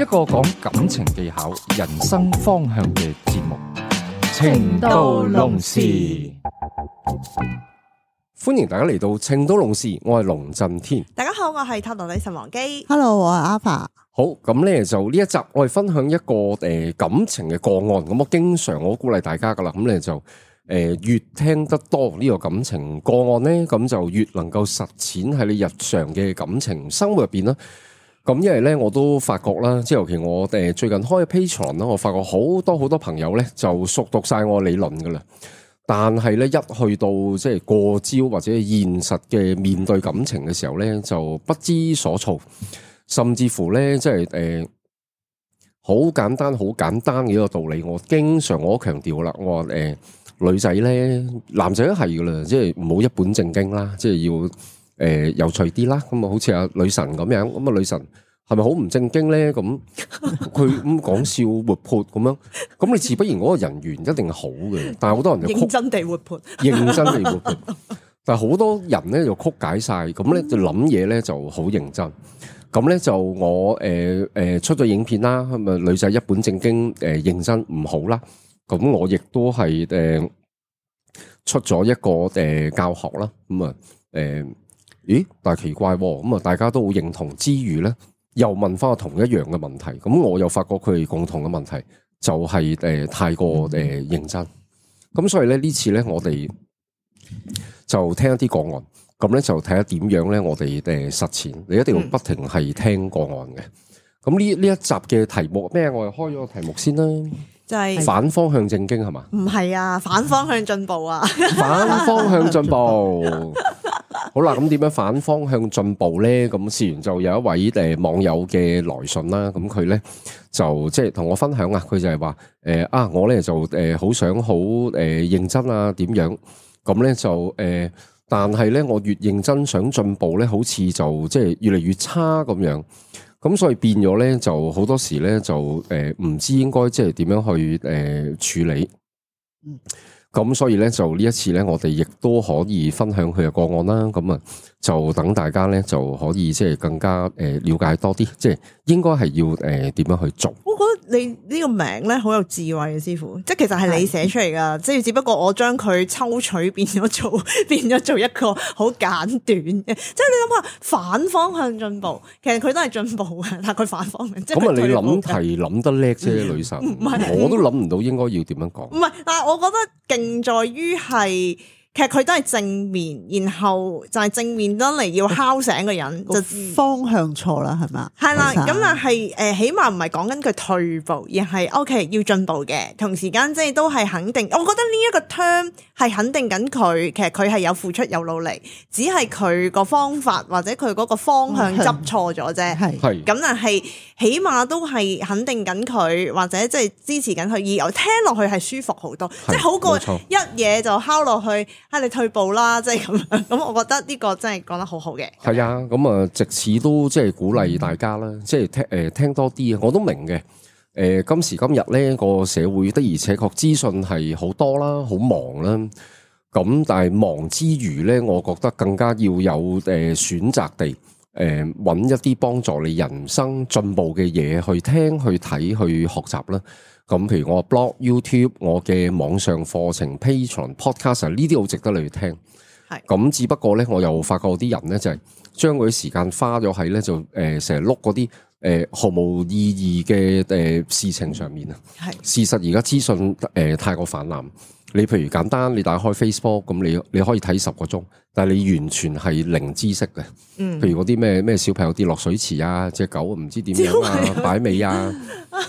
一個講感情技巧、人生方向嘅節目《情到龍匙》，歡迎大家嚟到《情到龍匙》。我係龍震天。大家好，我係塔羅女神王基。Hello，我係阿爸。好，咁咧就呢一集，我哋分享一個誒感情嘅個案。咁我經常我鼓勵大家噶啦，咁咧就誒越聽得多呢個感情個案咧，咁就越能夠實踐喺你日常嘅感情生活入邊啦。咁因為咧，我都發覺啦，即係尤其我誒最近開 Patreon 啦，我發覺好多好多朋友咧就熟讀晒我理論㗎喇。但係咧，一去到即係過招或者現實嘅面對感情嘅時候咧，就不知所措，甚至乎咧即係誒好簡單好簡單嘅一個道理。我經常我都強調啦，我話誒、呃、女仔咧，男仔都係㗎喇，即係唔好一本正經啦，即係要。誒、呃，有趣啲啦，咁啊，好似阿女神咁樣，咁啊，女神係咪好唔正經咧？咁佢咁講笑活潑咁樣，咁你自不然嗰個人緣一定係好嘅，但係好多人就認真地活潑， 認真地活潑，但係好多人咧就曲解晒，咁咧就諗嘢咧就好認真，咁咧就我誒誒、呃呃、出咗影片啦，咁、呃、啊女仔一本正經誒、呃、認真唔好啦，咁我亦都係誒出咗一個誒、呃、教學啦，咁啊誒。呃呃呃咦，但係奇怪喎，咁啊，大家都好認同之餘咧，又問翻同一樣嘅問題，咁我又發覺佢哋共同嘅問題就係、是、誒、呃、太過誒、呃、認真，咁所以咧呢次咧我哋就聽一啲個案，咁咧就睇下點樣咧我哋誒實踐，你一定要不停係聽個案嘅，咁呢呢一集嘅題目咩？我哋開咗個題目先啦。就係、反方向正經係嘛？唔係啊，反方向進步啊！反方向進步，好啦，咁點樣反方向進步咧？咁事緣就有一位誒網友嘅來信啦。咁佢咧就即係同我分享啊。佢就係話誒啊，我咧就誒好想好誒、呃、認真啊，點樣咁咧就誒、呃，但係咧我越認真想進步咧，好似就即係越嚟越差咁樣。咁所以變咗咧，就好多時咧就誒，唔、呃、知應該即係點樣去誒、呃、處理。嗯，咁所以咧就呢一次咧，我哋亦都可以分享佢嘅個案啦。咁啊。就等大家咧，就可以即係更加誒了解多啲，即係應該係要誒點樣去做？我覺得你呢個名咧，好有智慧嘅師傅，即係其實係你寫出嚟噶，即係的只不過我將佢抽取變咗做變咗做一個好簡短嘅，即係你諗下反方向進步，其實佢都係進步嘅，但係佢反方向即係咁啊！你諗係諗得叻啫，女神，唔係我都諗唔到應該要點樣講。唔係，但係我覺得勁在於係。其實佢都係正面，然後就係正面得嚟要敲醒個人，哦、就方向錯啦，係嘛？係啦了，咁但係誒，起碼唔係講緊佢退步，而係 O K 要進步嘅，同時間即係都係肯定。我覺得呢一個 term。係肯定緊佢，其實佢係有付出有努力，只係佢個方法或者佢嗰個方向執錯咗啫。係，咁但係起碼都係肯定緊佢，或者即係支持緊佢，而我聽落去係舒服好多，是即係好過一嘢就敲落去，係錯你退步啦，即係咁樣。咁我覺得呢個真係講得好好嘅。係啊，咁啊，直此都即係鼓勵大家啦，即係、嗯、聽誒聽多啲，我都明嘅。誒，今時今日咧個社會的確確資訊。而且確資訊係好多啦，好忙啦。咁但係忙之餘咧，我覺得更加要有誒選擇地誒搵一啲幫助你人生進步嘅嘢，去聽、去睇、去學習啦。咁譬如我 blog、YouTube、我嘅網上課程、Patreon、Podcast 呢啲好值得你去聽。係咁是，只不過咧，我又發覺啲人咧就係將佢時間花咗喺，咧就誒成日碌嗰啲。誒，毫無意義嘅誒事情上面啊，係是事實，而家資訊誒、呃、太過泛濫。你譬如簡單，你打開 Facebook 咁，你你可以睇十個鐘，但係你完全係零知識嘅，嗯，譬如嗰啲咩咩小朋友跌落水池啊，隻狗唔知點樣啊，是擺尾啊，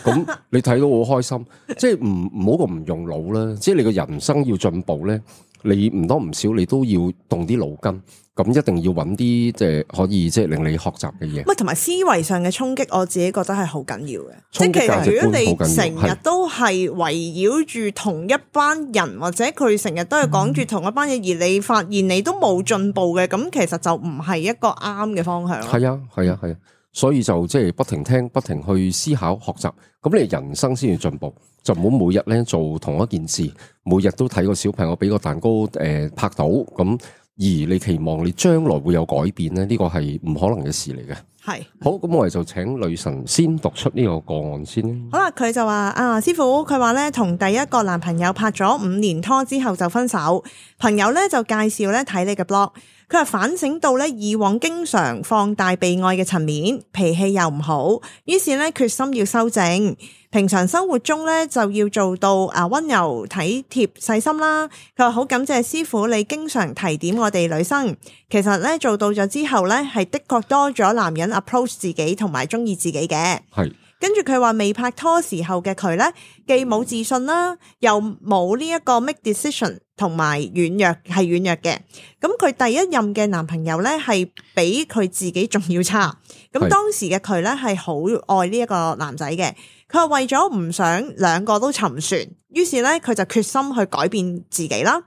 咁 你睇到好開心，即係唔唔好咁唔用腦啦，即係你個人生要進步咧，你唔多唔少，你都要動啲腦筋，咁一定要揾啲即係可以即係令你學習嘅嘢。唔係，同埋思維上嘅衝擊，我自己覺得係好緊要嘅。衝擊價值觀好緊要。即係其實如果你成日都係圍繞住同一班人，是或者佢成日都係講住同一班嘢，嗯、而你發現你都冇進步嘅，咁其實就唔係一個啱嘅方向。係啊，係啊，係啊。所以就即係不停聽，不停去思考、學習，咁你人生先要進步，就唔好每日咧，做同一件事，每日都睇個小朋友俾個蛋糕，誒、呃、拍到，咁而你期望你將來會有改變咧，呢個係唔可能嘅事嚟嘅。係是好，咁我哋就請女神先讀出呢個個案先。好啦，佢就話啊，師傅，佢話咧，同第一個男朋友拍咗五年拖之後就分手，朋友咧就介紹咧睇你嘅 blog。佢係反省到咧，以往經常放大被愛嘅層面，脾氣又唔好，於是咧決心要修正。平常生活中咧就要做到啊溫柔、體貼、細心啦。佢話好感謝師傅，你經常提點我哋女生。其實咧做到咗之後咧，係的確多咗男人 approach 自己同埋鍾意自己嘅。係。跟住佢話未拍拖時候嘅佢呢，既冇自信啦，又冇呢一個 make decision，同埋軟弱係軟弱嘅。咁佢第一任嘅男朋友呢，係比佢自己仲要差。咁當時嘅佢呢，係好愛呢一個男仔嘅，佢係為咗唔想兩個都沉船，於是呢，佢就決心去改變自己啦。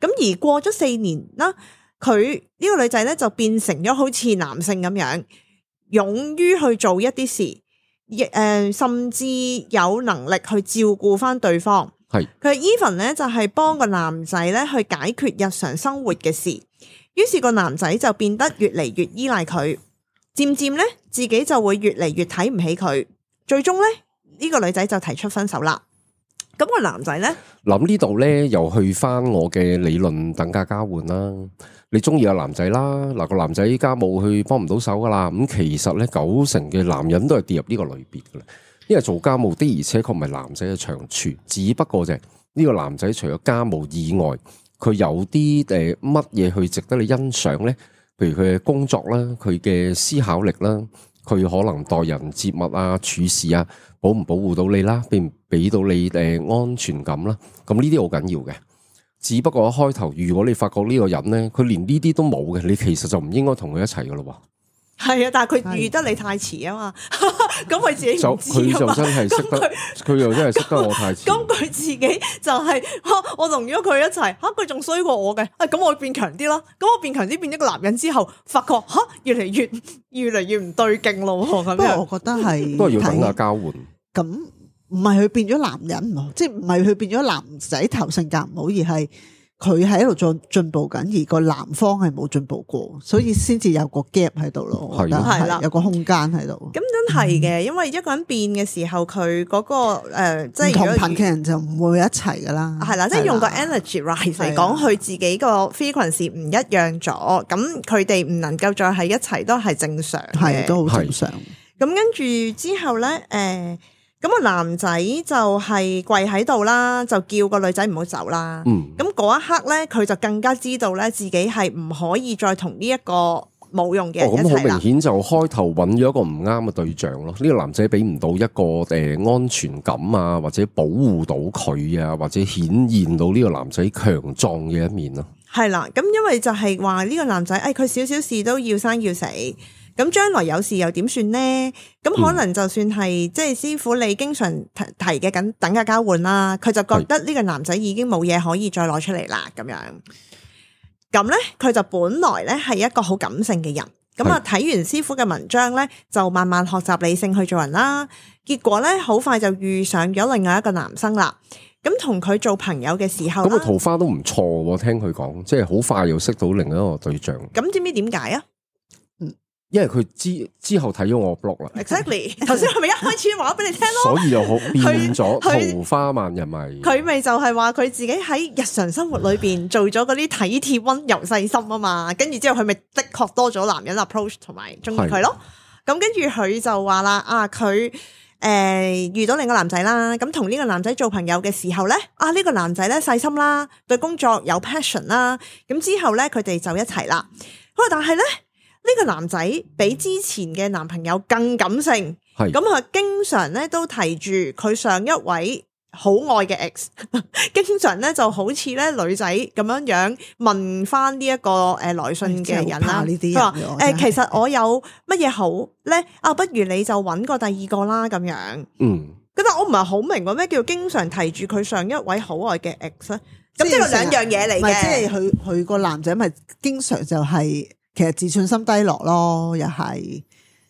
咁而過咗四年啦，佢呢個女仔呢，就變成咗好似男性咁樣，勇於去做一啲事。亦甚至有能力去照顧翻對方。係佢 even 咧，就係幫個男仔咧去解決日常生活嘅事。於是個男仔就變得越嚟越依賴佢，漸漸咧自己就會越嚟越睇唔起佢。最終咧，呢個女仔就提出分手啦。咁個男仔咧，諗呢度咧又去翻我嘅理論等價交換啦。你中意個男仔啦，嗱個男仔家務去幫唔到手噶啦。咁其實咧，九成嘅男人都係跌入呢個類別噶啦，因為做家務的，而且確唔係男仔嘅長處，只不過就係。呢個男仔除咗家務以外，佢有啲誒乜嘢去值得你欣賞咧？譬如佢嘅工作啦，佢嘅思考力啦。佢可能待人接物啊、處事啊，保唔保護到你啦、啊，俾唔俾到你誒、呃、安全感啦、啊。咁呢啲好緊要嘅。只不過一開頭，如果你發覺呢個人咧，佢連呢啲都冇嘅，你其實就唔應該同佢一齊㗎咯喎。係啊，但係佢遇得你太遲啊的 嘛，咁佢他 自己就真係識得，佢又真係識得我太遲。咁佢自己就係，我同咗佢一齊，吓佢仲衰過我嘅，咁、欸、我，我變強啲啦。咁我變強啲，變咗個男人之後，發覺吓越嚟越，越嚟越唔對勁咯。咁不過我覺得係，不過要等下交換。咁唔係佢變咗男人，即係唔係佢變咗男仔頭性格唔好，而係。佢喺度進進步緊，而個男方係冇進步過，所以先至有個 gap 喺度咯。係啦，係啦，有個空間喺度。咁真係嘅，嗯、因為一個人變嘅時候，佢嗰、那個、呃、即係同頻嘅人就唔會一齊噶啦。係啦，即係用個 energy rise 嚟講，佢的自己個 frequency 唔一樣咗，咁佢哋唔能夠再喺一齊都係正常，係都好正常的。咁跟住之後咧，誒、呃。咁個男仔就係跪喺度啦，就叫個女仔唔好走啦。咁嗰、嗯、一刻咧，佢就更加知道咧自己係唔可以再同呢一、哦、一個冇用嘅人。哦，咁好明顯就開頭揾咗一個唔啱嘅對象咯。呢、這個男仔俾唔到一個誒、呃、安全感啊，或者保護到佢啊，或者顯現到呢個男仔強壯嘅一面咯。係啦，咁因為就係話呢個男仔，誒佢少少事都要生要死。咁將來有事又點算呢？咁可能就算係即係師傅你經常提嘅緊等價交換啦，佢就覺得呢個男仔已經冇嘢可以再攞出嚟啦，咁樣。咁咧佢就本來咧係一個好感性嘅人，咁啊睇完師傅嘅文章咧，就慢慢學習理性去做人啦。結果咧好快就遇上咗另外一個男生啦。咁同佢做朋友嘅時候，咁桃花都唔錯。聽佢講，即係好快又識到另一個對象。咁知唔知點解啊？因為佢之之後睇咗我 blog 啦 exactly，頭先係咪一開始話俾你聽咯？ 所以又好變咗桃花萬人迷。 佢他咪 就係話佢自己喺日常生活裏邊做咗嗰啲體貼、温柔、細心啊嘛，跟住之後佢咪的確多咗男人 approach 同埋中意佢咯。咁跟住佢就話啦，啊佢誒、呃、遇到另一個男仔啦，咁同呢個男仔做朋友嘅時候咧，啊呢、呢個男仔咧細心啦，對工作有 passion 啦，咁之後咧佢哋就一齊啦。好啦，但係咧。呢個男仔比之前嘅男朋友更感性，咁啊是經常咧都提住佢上一位好愛嘅 x 經常咧就好似咧女仔咁樣樣問翻呢一個誒來信嘅人啦，話誒其實我有乜嘢好咧？啊不如你就搵個第二個啦咁樣，嗯，咁但我唔係好明咩叫經常提住佢上一位好愛嘅 ex，咁呢係兩樣嘢嚟嘅，即係佢佢個男仔咪經常就係、是。其實自信心低落咯，又係，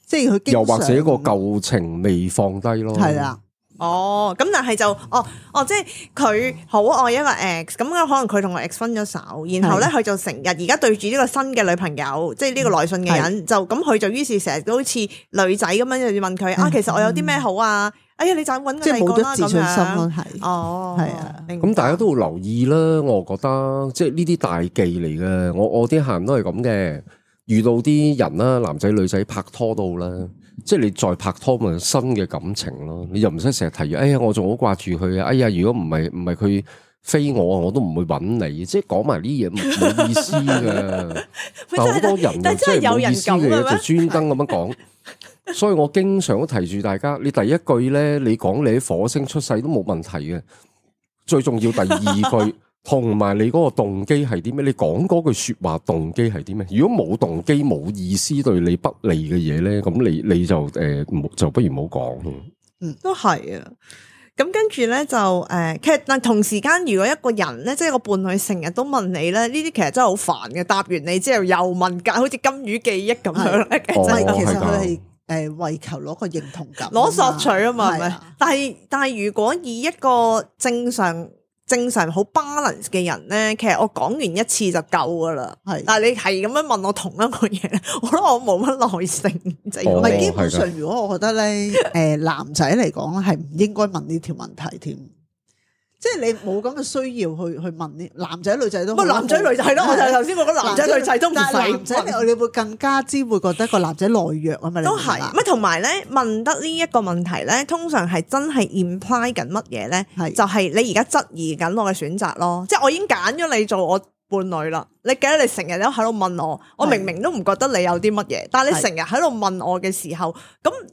即係佢又或者一個舊情未放低咯，係啦，哦，咁但係就，哦，哦，即係佢好愛一個 x 咁啊，可能佢同個 x 分咗手，然後咧佢是的 就成日而家對住呢個新嘅女朋友，即係呢個來信嘅人，是的 就咁佢就於是成日都好似女仔咁樣，就要問佢、嗯、啊，其實我有啲咩好啊？哎呀！你即係冇咗自信心，係哦，係啊。咁大家都會留意啦。我覺得即係呢啲大忌嚟嘅。我我啲客人都係咁嘅。遇到啲人啦，男仔女仔拍拖到啦。即係你再拍拖咪新嘅感情咯。你又唔使成日提。哎呀，我仲好掛住佢啊！哎呀，如果唔係唔係佢飛我啊，我都唔會揾你。即係講埋呢嘢唔好意思噶。但好多人即係冇意思嘅嘢就專登咁樣講。 所以我經常都提住大家，你第一句咧，你講你喺火星出世都冇問題嘅。最重要第二句，同埋 你嗰個動機係啲咩？你講嗰句說話動機係啲咩？如果冇動機、冇意思對你不利嘅嘢咧，咁你你就誒、呃，就不如唔好講。嗯，都係啊。咁跟住咧就誒，其、呃、實，但同時間，如果一個人咧，即係個伴侶成日都問你咧，呢啲其實真係好煩嘅。答完你之後又問，間好似金魚記憶咁樣的、哦、其實佢係。誒，為求攞個認同感，攞索取啊嘛，係咪、啊？但係但係，如果以一個正常、正常好 balance 嘅人咧，其實我講完一次就夠㗎喇。係的，但係你係咁樣問我同一個嘢，我咧，我冇乜耐性，就係、哦、 基本上。的如果我覺得咧，誒、呃、男仔嚟講咧，係唔應該問呢條問題添。即係你冇咁嘅需要去去問啲男仔女仔都，唔係男仔女仔係咯，我就頭先講男仔女仔都唔使問。但係男仔你會更加之會覺得個男仔懦弱啊嘛，都係是。咁啊同埋咧，問得呢一個問題咧，通常係真係 imply 緊乜嘢咧？係是 就係你而家質疑緊我嘅選擇咯，即係我已經揀咗你做我伴侶啦。你記得你成日都喺度問我，我明明都唔覺得你有啲乜嘢，是 但係你成日喺度問我嘅時候咁。是 嗯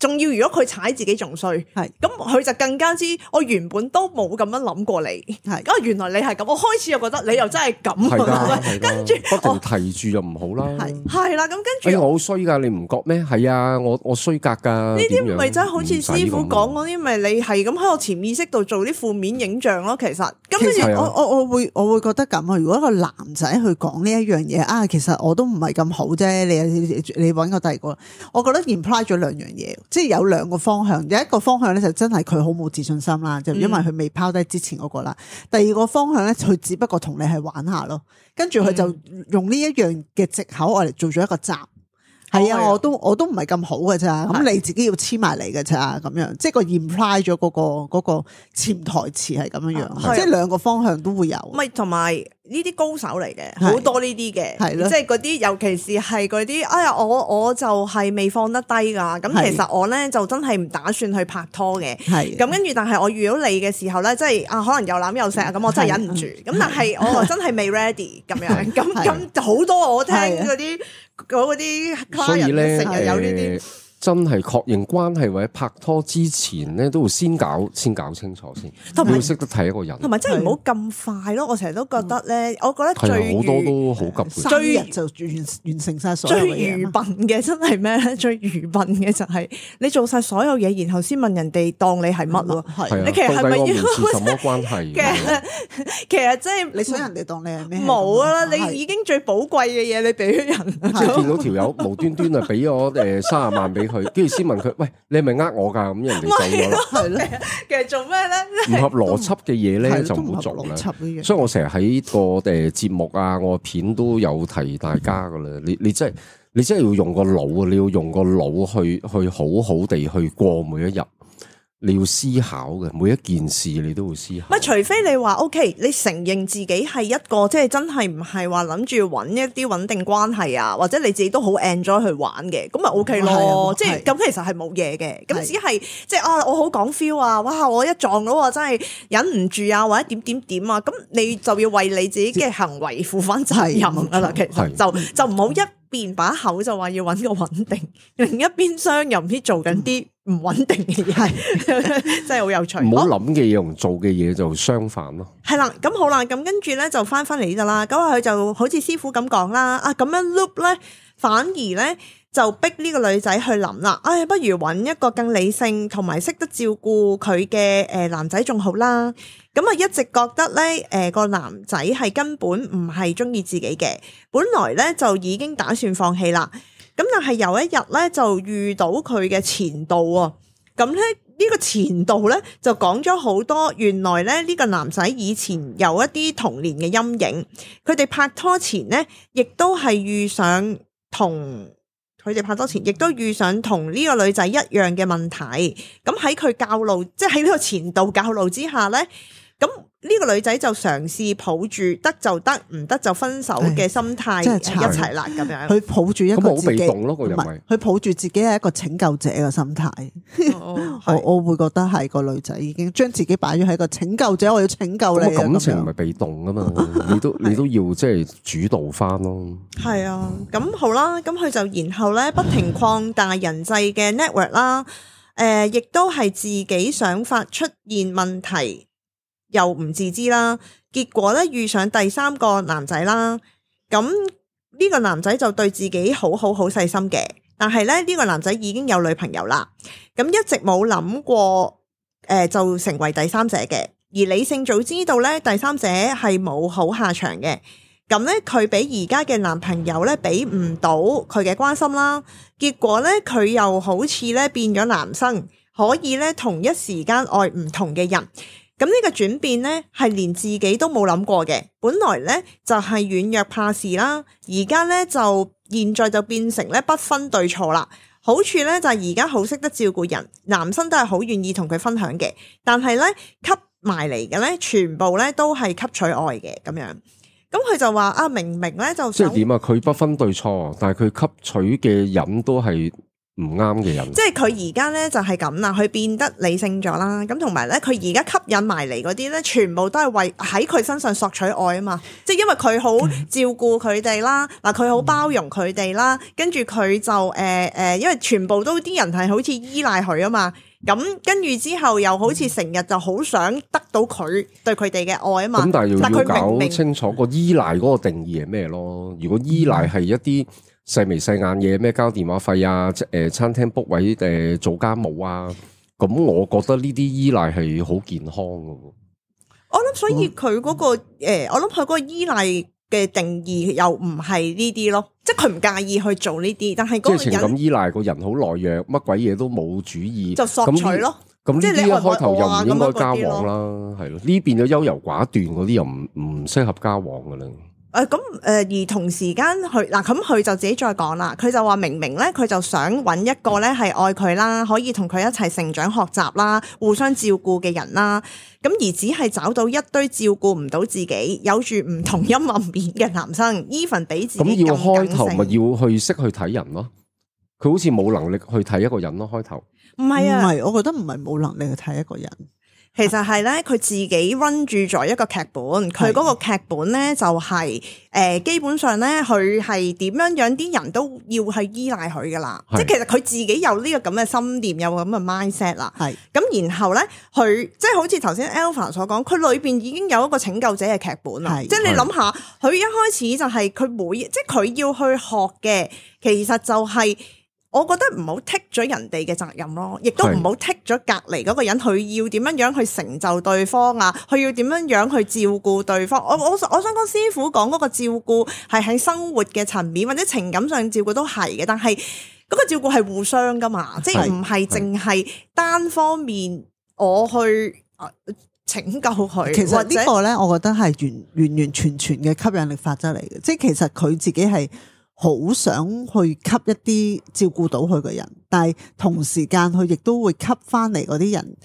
仲要如果佢踩自己仲衰，係咁佢就更加之。我原本都冇咁樣諗過你，係咁是原來你係咁，我開始又覺得你又真係咁，係跟住著不停提住又唔好啦，係啦的，咁跟住、哎、我好衰噶，你唔覺咩？係啊，我我衰格噶，呢啲唔係真好似師傅講嗰啲，咪你係咁喺我潛意識度做啲負面影像咯。其實咁跟住我我我，我會我會覺得咁啊。如果一個男仔去講呢一樣嘢啊，其實我都唔係咁好啫。你你你揾個第二個，我覺得 imply 咗兩樣嘢。即係有兩個方向，有一個方向咧就真係佢好冇自信心啦，就、嗯、因為佢未拋低之前嗰、那個啦。第二個方向咧，佢只不過同你係玩下咯，跟住佢就用呢一樣嘅藉口，我嚟做咗一個集。係啊，我都我都唔係咁好嘅咋，咁你自己要黐埋嚟嘅咋，咁樣即係個 imply 咗嗰個嗰個潛台詞係咁樣樣，即係兩個方向都會有。咪同埋呢啲高手嚟嘅，好多呢啲嘅，係咯，即係嗰啲，尤其是係嗰啲，哎呀，我我就係未放得低噶咁其實我咧就真係唔打算去拍拖嘅，係咁跟住，但係我遇到你嘅時候咧，即係啊，可能又攬又錫，咁我真係忍唔住，咁但係我真係未 ready 咁樣，咁咁好多我聽嗰啲。嗰啲客人咧，成日有呢啲。真係確認關係或者拍拖之前咧，都會先搞先搞清楚先，會識得睇一個人。同埋真係唔好咁快咯！我成日都覺得咧，我覺得最好多都好急追人就完完成晒所有嘢，最愚笨嘅真係咩咧？最愚笨嘅就係你做晒所有嘢，然後先問人哋當你係乜咯？你其實係咪要咩關係？其實其實真係你想人哋當你係咩？冇啊，你已經最寶貴嘅嘢，你俾人即係見到條友無端端啊俾我誒三十萬俾佢，跟住先問佢，喂，你係咪呃我㗎？咁人哋做走我啦。其實做咩咧？唔合邏輯嘅嘢咧，不就唔好做啦。所以我成日喺個誒節目啊，我片都有提大家㗎啦。你你真係，你真係要用個腦，你要用個腦去去好好地去過每一日。你要思考嘅每一件事，你都會思考。咪除非你話 O K，你承認自己係一個即係真係唔係話諗住揾一啲穩定關係啊，或者你自己都好 enjoy 去玩嘅，咁咪 O K 咯。即係咁其實係冇嘢嘅。咁只係即係啊，我好講 feel 啊，哇！我一撞到我真係忍唔住啊，或者點點點啊，咁你就要為你自己嘅行為負翻責任噶啦。是其實是是就就唔好一邊把口就話要揾個穩定，另一邊廂又唔知做緊啲。唔穩定嘅嘢係， 真係好有趣。唔好諗嘅嘢同做嘅嘢就相反咯。係啦，咁好啦，咁跟住咧就翻翻嚟呢度啦。咁啊，佢就好似師傅咁講啦，啊咁樣 loop 咧，反而咧就逼呢個女仔去諗啦。唉、哎，不如揾一個更理性同埋識得照顧佢嘅誒男仔仲好啦。咁啊一直覺得咧，誒、呃個男仔係根本唔係中意自己嘅。本來咧就已經打算放棄啦。咁但係有一日咧，就遇到佢嘅前度啊！咁咧呢個前度咧就講咗好多，原來咧呢個男仔以前有一啲童年嘅陰影，佢哋拍拖前咧，亦都係遇上同佢哋拍拖前，亦都遇上同呢個女仔一樣嘅問題。咁喺佢教路，即係喺呢個前度教路之下咧，咁。呢個女仔就嘗試抱住得就得，唔得就分手嘅心態唉一齊啦，咁唉樣佢抱住一個自己，佢抱住自己係一個拯救者嘅心態。我我會覺得係個女仔已經將自己擺咗喺一個拯救者，我要拯救你。感情唔係被動啊嘛， 你都你都要即係主導翻咯。係 啊，咁好啦，咁佢就然後咧不停擴大人際嘅 network 啦、呃。誒，亦都係自己想法出現問題。又唔自知啦，結果咧遇上第三個男仔啦。咁呢個男仔就對自己好好好細心嘅，但係咧呢個男仔已經有女朋友啦。咁一直冇諗過，誒、呃、就成為第三者嘅。而理性早知道咧，第三者係冇好下場嘅。咁咧佢俾而家嘅男朋友咧，俾唔到佢嘅關心啦。結果咧佢又好似咧變咗男生，可以咧同一時間愛唔同嘅人。咁呢個轉變呢，係連自己都冇諗過嘅。本來呢就係軟弱怕事啦，而家呢就現在就變成咧不分對錯啦。好處呢就係而家好識得照顧人，男生都係好願意同佢分享嘅。但係呢，吸埋嚟嘅呢全部呢都係吸取愛嘅咁樣。咁佢就話啊，明明呢，就即係點啊，佢不分對錯，但係佢吸取嘅人都係。唔啱嘅人，即係佢而家咧，就係咁啦，佢變得理性咗啦，咁同埋咧佢而家吸引埋嚟嗰啲咧，全部都係為喺佢身上索取愛啊嘛，即係因為佢好照顧佢哋啦，嗱佢好包容佢哋啦，跟住佢就誒誒、呃，因為全部都啲人係好似依賴佢啊嘛，咁跟住之後又好似成日就好想得到佢對佢哋嘅愛啊嘛，但係要搞清楚個依賴嗰個定義係咩咯？如果依賴係一啲。細眉細眼嘢，咩交電話費啊？誒，餐廳 book 位誒，做家務啊？咁我覺得呢啲依賴係好健康噶。我諗，所以佢嗰個誒，我諗佢嗰個依賴嘅定義又唔係呢啲咯，即係佢唔介意去做呢啲，但係即係情感依賴，個人好懦弱，乜鬼嘢都冇主意，就索取咯。咁即係你一開頭又唔應該交往啦，係咯？呢邊嘅優柔寡斷嗰啲又唔唔適合交往噶啦。誒，咁誒、呃，而同時間佢嗱，咁佢就自己再講啦。佢就話明明咧，佢就想揾一個咧係愛佢啦，可以同佢一齊成長、學習啦，互相照顧嘅人啦。咁而只係找到一堆照顧唔到自己、有住唔同陰暗面嘅男生，依份畀自己。咁要開頭咪要去識去睇人咯。佢好似冇能力去睇一個人咯。開頭唔係啊，唔係，我覺得唔係冇能力去睇一個人。其實係咧，佢自己 run 住咗一個劇本，佢嗰個劇本咧就係、是、誒、呃，基本上咧佢係點樣樣啲人都要係依賴佢噶啦，是的 即係其實佢自己有呢個咁嘅心念，有個咁嘅 mindset 啦。係咁是的 然後咧，佢即係好似頭先 Alpha 所講，佢裏邊已經有一個拯救者嘅劇本啦。是的 即係你諗下，佢是的 一開始就係佢每即係佢要去學嘅，其實就係、是。我覺得唔好剔咗人哋嘅責任咯，亦都唔好剔咗隔離嗰個人，佢要點樣樣去成就對方啊？佢要點樣樣去照顧對方？我我我想講師傅講嗰個照顧係喺生活嘅層面或者情感上照顧都係嘅，但係嗰個照顧係互相噶嘛，是即係唔係淨係單方面我去拯救佢。者其實呢個咧，我覺得係完完完全全嘅吸引力法則嚟嘅，即係其實佢自己係。好想去吸一啲照顧到佢嘅人，但係同時間佢亦都會吸翻嚟嗰啲人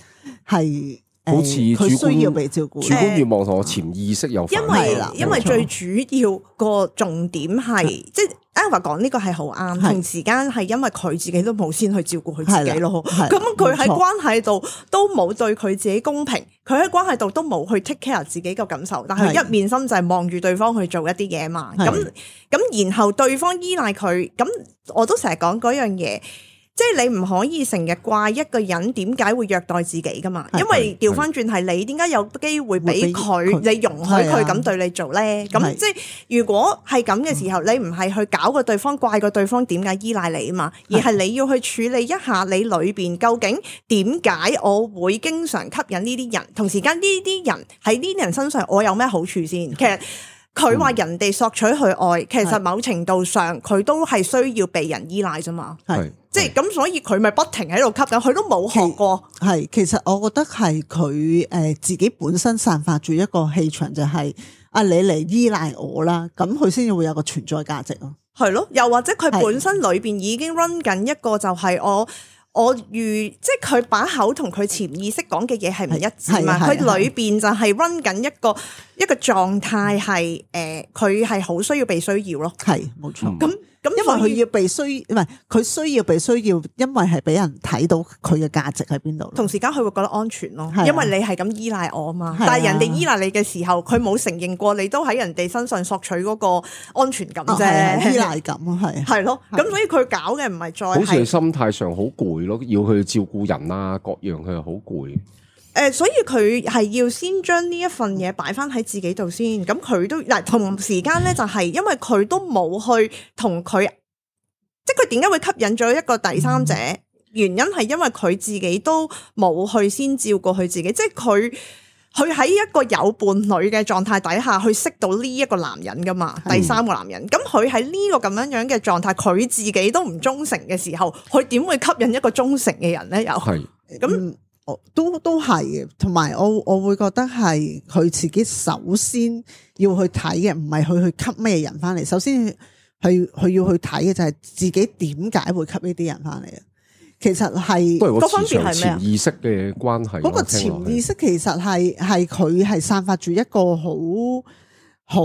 係。好似佢需要被照顧，主觀願望同我潛意識有因為，因為最主要個重點係，的即係 Alva 講呢個係好啱，的同時間係因為佢自己都冇先去照顧佢自己咯，咁佢喺關係度都冇對佢自己公平，佢喺是關係度都冇去 take care 自己個感受，的但係一面心就係望住對方去做一啲嘢嘛，咁咁然後對方依賴佢，咁我都成日講嗰樣嘢。即係你唔可以成日怪一個人點解會虐待自己噶嘛？是的 因為調翻轉係你點解有機會俾佢是的 你容許佢咁對你做咧？咁是的 即係如果係咁嘅時候，是的 你唔係去搞個對方，怪個對方點解依賴你啊嘛？而係你要去處理一下你裏邊究竟點解我會經常吸引呢啲人？同時間呢啲人喺呢啲人身上我有咩好處先？是的 其實佢話人哋索取佢愛，是的 其實某程度上佢都係需要被人依賴啫嘛。係。即係咁，所以佢咪不停喺度吸緊，佢都冇學過。係，其實我覺得係佢誒自己本身散發住一個氣場，就係、是、啊，你嚟依賴我啦，咁佢先至會有個存在價值咯。係咯，又或者佢本身裏邊已經 run 緊一個，就係我我如即係佢把口同佢潛意識講嘅嘢係唔係一致嘛？佢裏邊就係 run 緊一個。一個狀態係誒，佢係好需要被需要咯，係冇錯。咁咁那、嗯、因為佢要被需唔係佢需要被需要，因為係俾人睇到佢嘅價值喺邊度。同時間佢會覺得安全咯，是啊、因為你係咁依賴我嘛。是啊、但係人哋依賴你嘅時候，佢冇承認過你都喺人哋身上索取嗰個安全感啫、哦啊，依賴感係係咯。咁、啊 啊、所以佢搞嘅唔係再是好似心態上好攰咯，要去照顧人啊各樣，佢又好攰。誒，所以佢係要先將呢一份嘢擺翻喺自己度先。咁佢都嗱，同時間咧就係因為佢都冇去同佢，即係佢點解會吸引咗一個第三者？嗯，原因係因為佢自己都冇去先照顧佢自己。即係佢，佢喺一個有伴侶嘅狀態底下去識到呢一個男人噶嘛，第三個男人。咁佢喺呢個咁樣樣嘅狀態，佢自己都唔忠誠嘅時候，佢點會吸引一個忠誠嘅人咧？又係咁。嗯都都係嘅，同埋我我會覺得係佢自己首先要去睇嘅，唔係佢去吸咩人翻嚟。首先，佢佢要去睇嘅就係自己點解會吸呢啲人翻嚟啊？其實係個方面係咩潛意識嘅關係，嗰個潛意識其實係係佢係散發住一個好好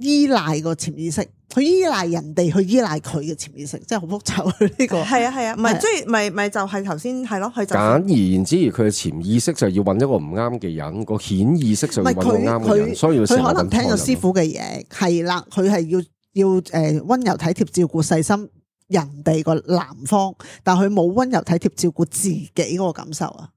依賴個潛意識。佢依賴人哋，佢依賴佢嘅潛意識，真係好複雜。呢、呢個係啊係啊，唔咪即係咪咪就係頭先係咯，佢、啊就是、簡而言之，而佢嘅潛意識就要揾一個唔啱嘅人，個潛意識上唔係佢佢，他所以佢可能聽個師傅嘅嘢，係啦，佢係、啊、要要誒温柔體貼照顧細心人哋個男方，但係佢冇温柔體貼照顧自己嗰個感受啊，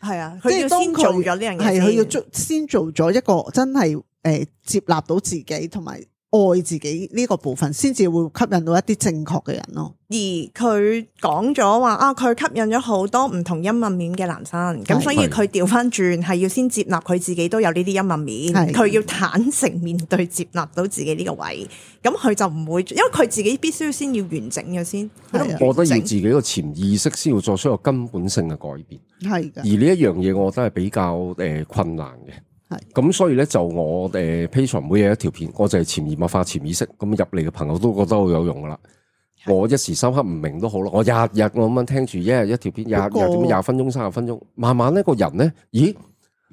係啊，即係先做咗呢樣嘢，係佢要先做咗一個真係誒接納到自己同埋。愛自己呢個部分，先至會吸引到一啲正確嘅人咯。而佢講咗話啊，佢吸引咗好多唔同陰暗面嘅男生，咁的所以佢調翻轉係要先接納佢自己都有呢啲陰暗面，佢的要坦誠面對，接納到自己呢個位，咁佢的就唔會，因為佢自己必須先要完整嘅先。我覺得要自己個潛意識先會做出一個根本性嘅改變，係的而呢一樣嘢，我覺得係比較誒困難嘅。咁所以咧就我誒，Patreon 每日一條片，我就係潛移默化、潛意識，咁入嚟嘅朋友都覺得好有用噶啦。我一時三刻唔明都好啦，我日日我咁樣聽住一日，日一條片，日日點樣廿分鐘、三十分鐘，慢慢咧個人咧，咦，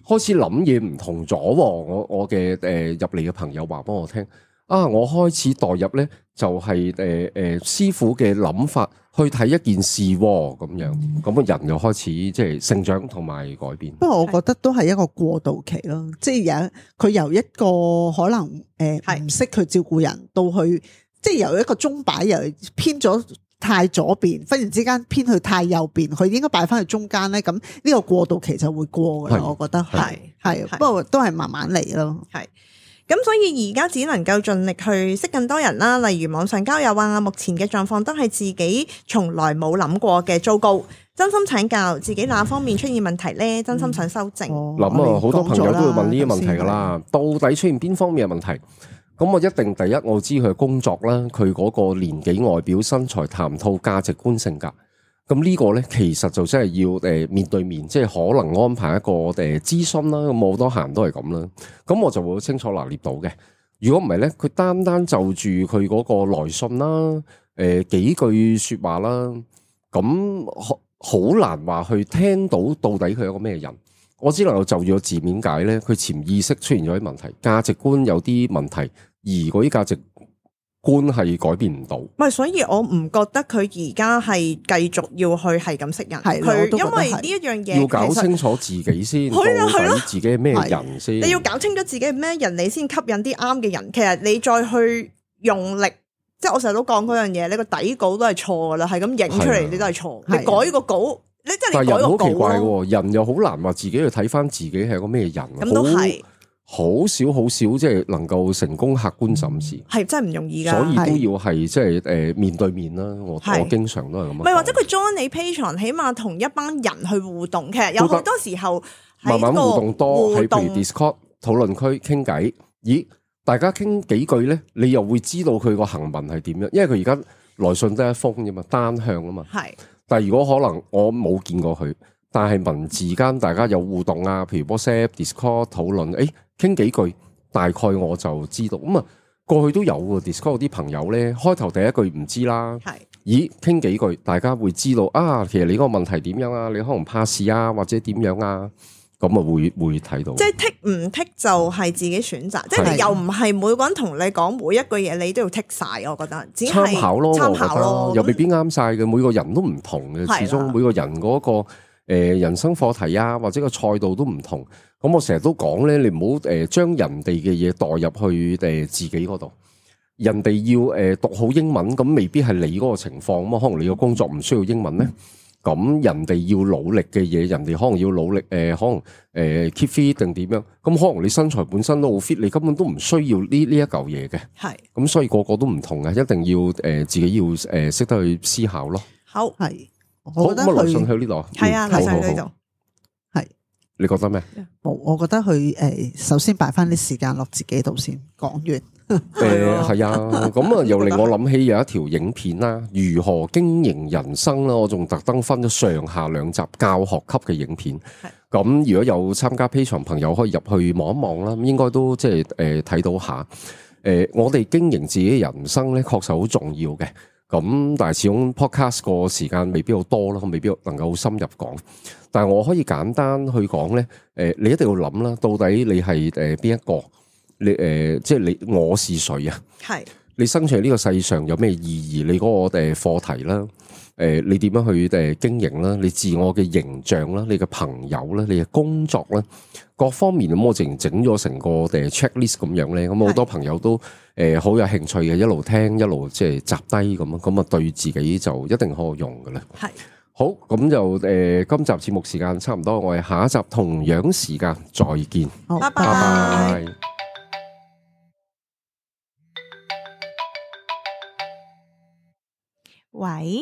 開始諗嘢唔同咗。我我嘅誒入嚟嘅朋友話俾我聽，啊，我開始代入咧、就是，就係誒誒師傅嘅諗法。去睇一件事喎，咁樣咁個人又開始即係成長同埋改變，嗯。不過我覺得都係一個過渡期咯，即係有佢由一個可能誒，係唔識去照顧人，到去即係由一個鐘擺又偏咗太左邊，忽然之間偏去太右邊，佢應該擺翻去中間咧。咁呢個過渡期就會過嘅是我覺得係係，不過都係慢慢嚟咯，係。咁所以而家只能夠盡力去識更多人啦，例如網上交友啊，目前嘅狀況都係自己從來冇諗過嘅糟糕，真心請教自己哪方面出現問題呢？真心想修正。諗啊、嗯，好多朋友都會問呢個問題噶啦，到底出現邊方面嘅問題？咁我一定第一，我知佢嘅工作啦，佢嗰個年紀、外表、身材、談吐、價值觀、性格。咁呢個咧，其實就真係要誒、呃、面對面，即、就、係、是、可能安排一個誒諮詢啦。咁好多行都係咁啦，咁我就會清楚拿捏到嘅。如果唔係咧，佢單單就住佢嗰個來信啦，誒、呃、幾句說話啦，咁好難話去聽到到底佢係一個咩人。我只能就住個字面解咧，佢潛意識出現咗啲問題，價值觀有啲問題，而嗰啲價值。觀係改變唔到，唔係，所以我唔覺得佢而家係繼續要去係咁識人，係佢因為呢一樣嘢，要搞清楚自己先。好啊，係咯，自己係咩人先？你要搞清楚自己係咩人，你先吸引啲啱嘅人。其實你再去用力，即係我成日都講嗰樣嘢，你個底稿都係錯噶啦，係咁影出嚟，你都係錯，你改個稿，你真係改個稿。人又好難話自己去睇翻自己係個咩人，咁都係。好少好少，即係能夠成功客觀審視，係真係唔容易噶，所以都要係即係誒面對面啦。是我是我經常都係咁樣。或者佢 join 你 Patreon，起碼同一班人去互動。其實有好多時候多慢慢互動多，喺動譬如 Discord 討論區傾偈，咦，大家傾幾句咧，你又會知道佢個行文係點樣，因為佢而家來信得一封啫嘛，單向啊嘛。係是，但係如果可能，我冇見過佢。但係文字間大家有互動啊，譬如 WhatsApp、Discord 討論，誒，傾幾句大概我就知道咁啊。過去都有嘅 Discord 啲朋友咧，開頭第一句唔知啦，係，咦，傾幾句大家會知道啊。其實你嗰個問題點樣啊？你可能怕事啊，或者點樣啊？咁啊會會睇到，即係剔唔剔就係自己選擇，即係又唔係每個人同你講每一句嘢，你都要剔晒。我覺得參考咯，參考咯，又未必啱晒嘅。每個人都唔同嘅，始終每個人嗰個。誒，人生課題啊，或者個賽道都唔同。咁我成日都講咧，你唔好誒將人哋嘅嘢代入去誒自己嗰度。人哋要誒讀好英文，咁未必係你嗰個情況。咁啊，可能你個工作唔需要英文咧。咁人哋要努力嘅嘢，人哋可能要努力。誒，可能誒 keep fit 定點樣？咁可能你身材本身都好 fit，你根本都唔需要呢呢一嚿嘢嘅。係是。咁所以個個都唔同嘅，一定要誒自己要誒識得去思考咯。好，係。我覺得佢係啊，睇晒呢度係。你覺得咩？冇，我覺得佢誒，首先擺翻啲時間落自己度先講完。誒、 呃，係啊，咁啊，又令我諗起有一條影片啦，如何經營人生啦，我仲特登分咗上下兩集教學級嘅影片。咁是如果有參加 Patreon 朋友可以入去望一望啦，應該都即係誒睇到下。誒、呃，我哋經營自己人生咧，確實好重要嘅。咁但係始終 podcast 個時間未必好多啦，未必能夠深入講。但係我可以簡單去講呢：誒、呃、你一定要諗啦，到底你係誒邊一個？你誒、呃、即係你我是誰啊？係是你生存喺呢個世上有咩意義？你嗰個誒課題啦。誒，你點樣去誒經營啦？你自我嘅形象啦，你嘅朋友啦，你嘅工作啦，各方面咁，我淨整咗成個誒 checklist 咁樣咧，咁好多朋友都誒好有興趣嘅，一路聽一路即係摘低咁啊，咁啊對自己就一定可用㗎喇。係是好，咁就誒、呃、今集節目時間差唔多，我哋下一集同樣時間再見。拜拜。喂？